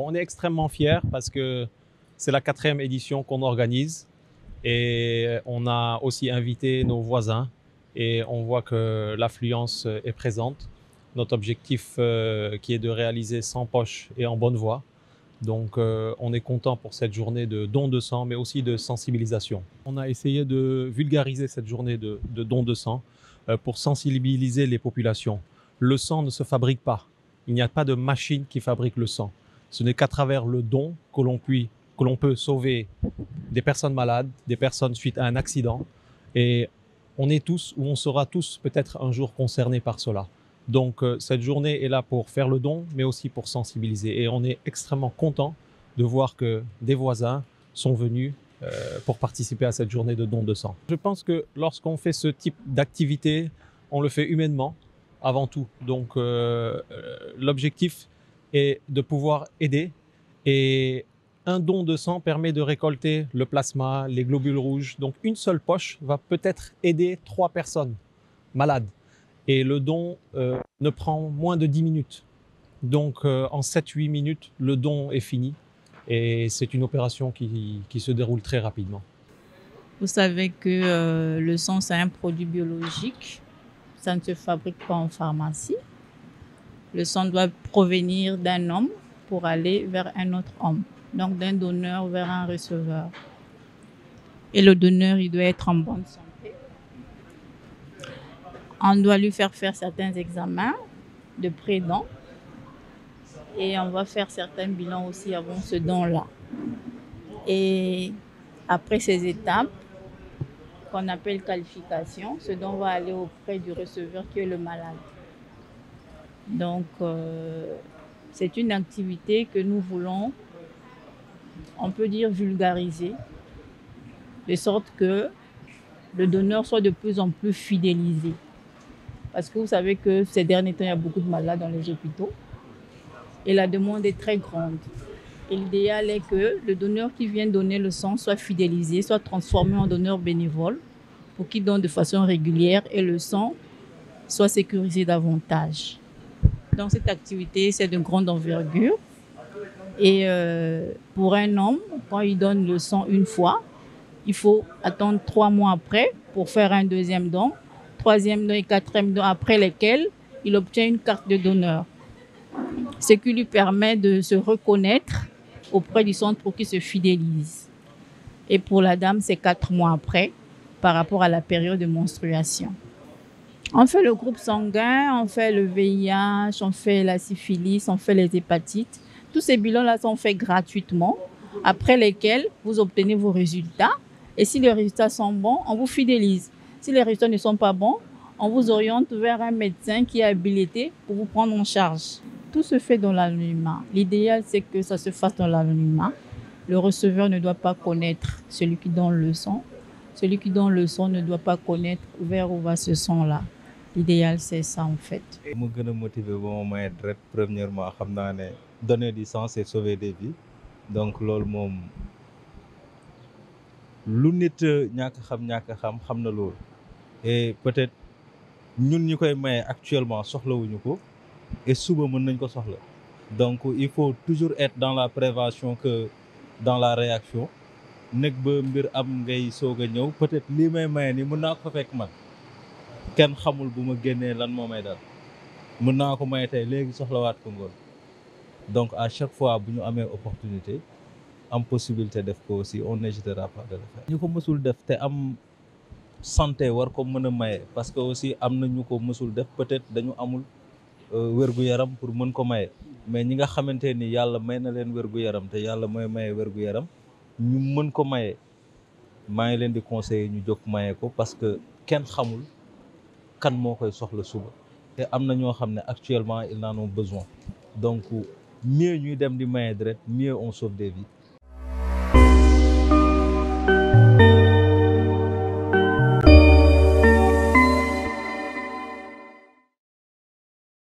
on est extrêmement fiers parce que c'est la quatrième édition qu'on organise et on a aussi invité nos voisins et on voit que l'affluence est présente. Notre objectif euh, qui est de réaliser sans poche et en bonne voie. Donc euh, on est content pour cette journée de don de sang, mais aussi de sensibilisation. On a essayé de vulgariser cette journée de, don de sang euh, pour sensibiliser les populations. Le sang ne se fabrique pas. Il n'y a pas de machine qui fabrique le sang. Ce n'est qu'à travers le don que l'on que l'on peut sauver des personnes malades, des personnes suite à un accident. Et on est tous ou on sera tous peut-être un jour concernés par cela. Donc euh, cette journée est là pour faire le don, mais aussi pour sensibiliser. Et on est extrêmement content de voir que des voisins sont venus euh, pour participer à cette journée de don de sang. Je pense que lorsqu'on fait ce type d'activité, on le fait humainement avant tout. Donc euh, l'objectif, et de pouvoir aider. Et un don de sang permet de récolter le plasma, les globules rouges. Donc une seule poche va peut-être aider trois personnes malades. Et le don euh, ne prend moins de 10 minutes. Donc euh, en 7-8 minutes, le don est fini. Et c'est une opération qui, qui, se déroule très rapidement. Vous savez que euh, le sang, c'est un produit biologique. Ça ne se fabrique pas en pharmacie. Le sang doit provenir d'un homme pour aller vers un autre homme, donc d'un donneur vers un receveur. Et le donneur, il doit être en bonne santé. On doit lui faire faire certains examens de prédent et on va faire certains bilans aussi avant ce don-là. Et après ces étapes, qu'on appelle qualification, ce don va aller auprès du receveur qui est le malade. Donc, euh, c'est une activité que nous voulons, on peut dire, vulgariser, de sorte que le donneur soit de plus en plus fidélisé. Parce que vous savez que ces derniers temps, il y a beaucoup de malades dans les hôpitaux et la demande est très grande. Et l'idéal est que le donneur qui vient donner le sang soit fidélisé, soit transformé en donneur bénévole pour qu'il donne de façon régulière et le sang soit sécurisé davantage. Donc cette activité, c'est de grande envergure. Et euh, pour un homme, quand il donne le sang une fois, il faut attendre trois mois après pour faire un deuxième don, troisième don et quatrième don après lesquels il obtient une carte de donneur. Ce qui lui permet de se reconnaître auprès du centre pour qu'il se fidélise. Et pour la dame, c'est quatre mois après par rapport à la période de menstruation. On fait le groupe sanguin, on fait le VIH, on fait la syphilis, on fait les hépatites. Tous ces bilans-là sont faits gratuitement, après lesquels vous obtenez vos résultats. Et si les résultats sont bons, on vous fidélise. Si les résultats ne sont pas bons, on vous oriente vers un médecin qui est habilité pour vous prendre en charge. Tout se fait dans l'anonymat. L'idéal, c'est que ça se fasse dans l'anonymat. Le receveur ne doit pas connaître celui qui donne le sang. Celui qui donne le sang ne doit pas connaître vers où va ce sang-là l'idéal c'est ça en fait. mu gën a motiver bon ma may deret premièrement xam naa ne donner du sens et sauver des vies donc c'est ce lu nit ñàkk xam ñàkk xam xam na loolu et peut-être ñun ñu koy maye actuellement soxlawuñu ko et suba mën nañ ko soxla donc il faut toujours être dans la prévention que dans la réaction nekk ba mbir am ngay soog peut-être lii may maye ni mën naa ko fekk kenn xamul bu ma génnee lan moo may dal mën naa ko may tey léegi soxlawaat ko ngoon donc à chaque fois bu ñu amee opportunité am possibilité def ko aussi on n'hésitera pas de le ñu ko mësul def te am santé war ko mën a maye parce que aussi am na ñu ko mësul def peut-être dañu amul euh, wér yaram pour mën ko maye mais ñi nga xamante ni yàlla may na leen wér-gu-yaram te yàlla mooy maye wér yaram ñu mën ko maye maa ngi leen di conseiller ñu jóg maye ko parce que kenn xamul kan moo koy soxla suba té amna ño xamné actuellement ils en ont besoin donc mieux ñuy dem di maye mieux on sauve des vies